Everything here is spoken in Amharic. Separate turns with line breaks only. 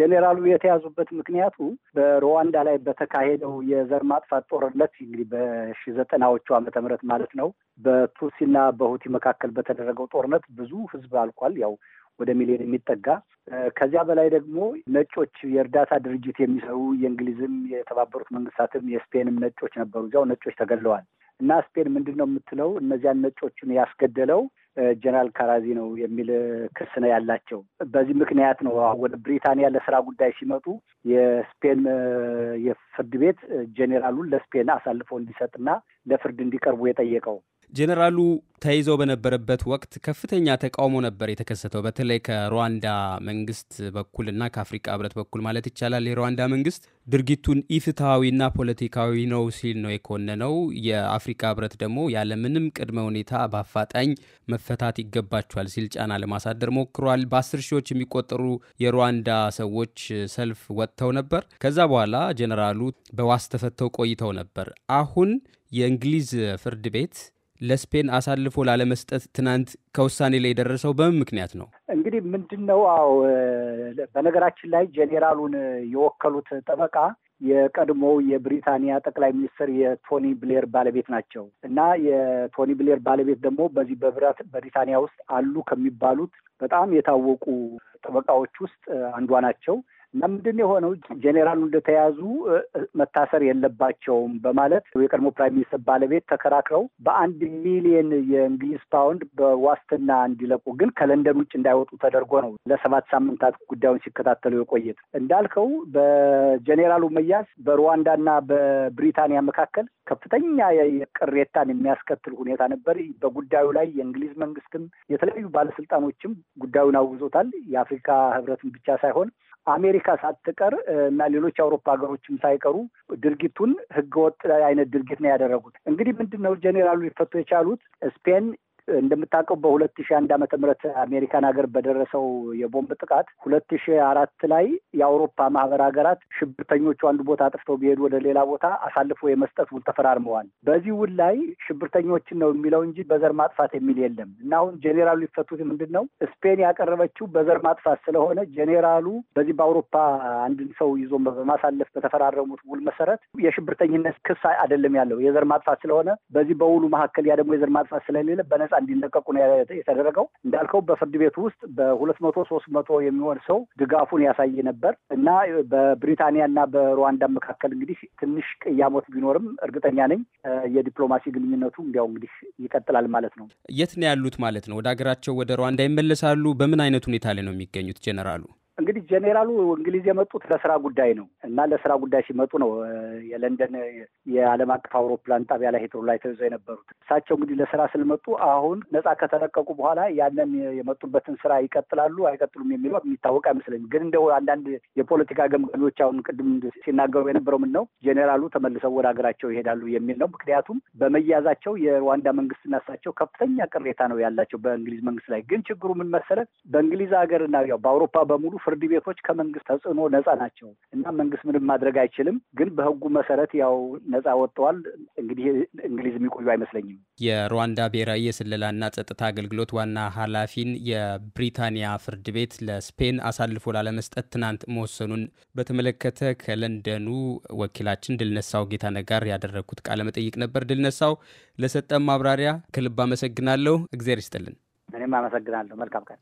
ጄኔራሉ የተያዙበት ምክንያቱ በሩዋንዳ ላይ በተካሄደው የዘር ማጥፋት ጦርነት እንግዲህ በሺ ዘጠናዎቹ ዓመተ ምህረት ማለት ነው በቱሲና በሁቲ መካከል በተደረገው ጦርነት ብዙ ህዝብ አልቋል። ያው ወደ ሚሊዮን የሚጠጋ ከዚያ በላይ ደግሞ ነጮች የእርዳታ ድርጅት የሚሰሩ የእንግሊዝም፣ የተባበሩት መንግስታትም የስፔንም ነጮች ነበሩ። እዚያው ነጮች ተገድለዋል እና ስፔን ምንድን ነው የምትለው እነዚያን ነጮቹን ያስገደለው ጀነራል ካራዚ ነው የሚል ክስ ነው ያላቸው። በዚህ ምክንያት ነው ወደ ብሪታንያ ለስራ ጉዳይ ሲመጡ የስፔን የፍርድ ቤት ጀኔራሉን ለስፔን አሳልፎ እንዲሰጥና ለፍርድ እንዲቀርቡ የጠየቀው።
ጄኔራሉ ተይዘው በነበረበት ወቅት ከፍተኛ ተቃውሞ ነበር የተከሰተው፣ በተለይ ከሩዋንዳ መንግስት በኩል እና ከአፍሪካ ህብረት በኩል ማለት ይቻላል። የሩዋንዳ መንግስት ድርጊቱን ኢፍትሐዊና ፖለቲካዊ ነው ሲል ነው የኮነነው። የአፍሪካ ህብረት ደግሞ ያለምንም ቅድመ ሁኔታ በአፋጣኝ መፈታት ይገባቸዋል ሲል ጫና ለማሳደር ሞክሯል። በአስር ሺዎች የሚቆጠሩ የሩዋንዳ ሰዎች ሰልፍ ወጥተው ነበር። ከዛ በኋላ ጄኔራሉ በዋስ ተፈተው ቆይተው ነበር። አሁን የእንግሊዝ ፍርድ ቤት ለስፔን አሳልፎ ላለመስጠት ትናንት ከውሳኔ ላይ የደረሰው በምን ምክንያት ነው?
እንግዲህ ምንድን ነው? አዎ በነገራችን ላይ ጄኔራሉን የወከሉት ጠበቃ የቀድሞው የብሪታንያ ጠቅላይ ሚኒስትር የቶኒ ብሌር ባለቤት ናቸው እና የቶኒ ብሌር ባለቤት ደግሞ በዚህ በብሪታንያ ውስጥ አሉ ከሚባሉት በጣም የታወቁ ጠበቃዎች ውስጥ አንዷ ናቸው። እና ምንድን የሆነው ጄኔራሉ እንደተያዙ መታሰር የለባቸውም በማለት የቀድሞ ፕራይም ሚኒስትር ባለቤት ተከራክረው በአንድ ሚሊየን የእንግሊዝ ፓውንድ በዋስትና እንዲለቁ ግን ከለንደን ውጭ እንዳይወጡ ተደርጎ ነው ለሰባት ሳምንታት ጉዳዩን ሲከታተሉ የቆየት። እንዳልከው በጄኔራሉ መያዝ በሩዋንዳና በብሪታንያ መካከል ከፍተኛ ቅሬታን የሚያስከትል ሁኔታ ነበር። በጉዳዩ ላይ የእንግሊዝ መንግስትም የተለያዩ ባለስልጣኖችም ጉዳዩን አውግዞታል። የአፍሪካ ህብረትን ብቻ ሳይሆን አሜሪካ ሳትቀር እና ሌሎች የአውሮፓ ሀገሮችም ሳይቀሩ ድርጊቱን ህገወጥ አይነት ድርጊት ነው ያደረጉት። እንግዲህ ምንድን ነው ጄኔራሉ ሊፈቱ የቻሉት ስፔን እንደምታውቀው በሁለት ሺ አንድ ዓመተ ምህረት አሜሪካን ሀገር በደረሰው የቦምብ ጥቃት ሁለት ሺ አራት ላይ የአውሮፓ ማህበር ሀገራት ሽብርተኞቹ አንድ ቦታ አጥፍተው ቢሄዱ ወደ ሌላ ቦታ አሳልፎ የመስጠት ውል ተፈራርመዋል። በዚህ ውል ላይ ሽብርተኞችን ነው የሚለው እንጂ በዘር ማጥፋት የሚል የለም እና አሁን ጄኔራሉ ሊፈቱት ምንድን ነው ስፔን ያቀረበችው በዘር ማጥፋት ስለሆነ ጄኔራሉ በዚህ በአውሮፓ አንድን ሰው ይዞ በማሳለፍ በተፈራረሙት ውል መሰረት የሽብርተኝነት ክስ አይደለም ያለው የዘር ማጥፋት ስለሆነ በዚህ በውሉ መካከል ያ ደግሞ የዘር ማጥፋት ስለሌለ በነጻ እንዲለቀቁ ነው የተደረገው። እንዳልከው በፍርድ ቤቱ ውስጥ በሁለት መቶ ሶስት መቶ የሚሆን ሰው ድጋፉን ያሳይ ነበር እና በብሪታንያ እና በሩዋንዳ መካከል እንግዲህ ትንሽ ቅያሞት ቢኖርም እርግጠኛ ነኝ የዲፕሎማሲ ግንኙነቱ እንዲያው እንግዲህ ይቀጥላል ማለት ነው።
የት ነው ያሉት ማለት ነው? ወደ ሀገራቸው ወደ ሩዋንዳ ይመለሳሉ? በምን አይነት ሁኔታ ላይ ነው የሚገኙት ጀነራሉ?
እንግዲህ ጄኔራሉ እንግሊዝ የመጡት ለስራ ጉዳይ ነው እና ለስራ ጉዳይ ሲመጡ ነው የለንደን የዓለም አቀፍ አውሮፕላን ጣቢያ ላይ ሄትሮ ላይ ተይዘው የነበሩት። እሳቸው እንግዲህ ለስራ ስለመጡ አሁን ነጻ ከተለቀቁ በኋላ ያንን የመጡበትን ስራ ይቀጥላሉ አይቀጥሉም የሚለው የሚታወቅ አይመስለኝም። ግን እንደው አንዳንድ የፖለቲካ ገምጋሚዎች አሁን ቅድም ሲናገሩ የነበረው ምን ነው ጄኔራሉ ተመልሰው ወደ ሀገራቸው ይሄዳሉ የሚል ነው። ምክንያቱም በመያዛቸው የሩዋንዳ መንግስትና እሳቸው ከፍተኛ ቅሬታ ነው ያላቸው በእንግሊዝ መንግስት ላይ። ግን ችግሩ ምን መሰለ በእንግሊዝ ሀገርና ያው በአውሮፓ በሙሉ ፍርድ ቤቶች ከመንግስት ተጽዕኖ ነፃ ናቸው እና መንግስት ምንም ማድረግ አይችልም። ግን በህጉ መሰረት ያው ነፃ ወጥተዋል። እንግዲህ እንግሊዝ የሚቆዩ አይመስለኝም።
የሩዋንዳ ብሔራዊ የስለላና ጸጥታ አገልግሎት ዋና ኃላፊን የብሪታንያ ፍርድ ቤት ለስፔን አሳልፎ ላለመስጠት ትናንት መወሰኑን በተመለከተ ከለንደኑ ወኪላችን ድልነሳው ጌታነህ ጋር ያደረግኩት ቃለ መጠይቅ ነበር። ድልነሳው ለሰጠን ማብራሪያ ከልብ አመሰግናለሁ። እግዜር ይስጥልን።
እኔም አመሰግናለሁ። መልካም ቀን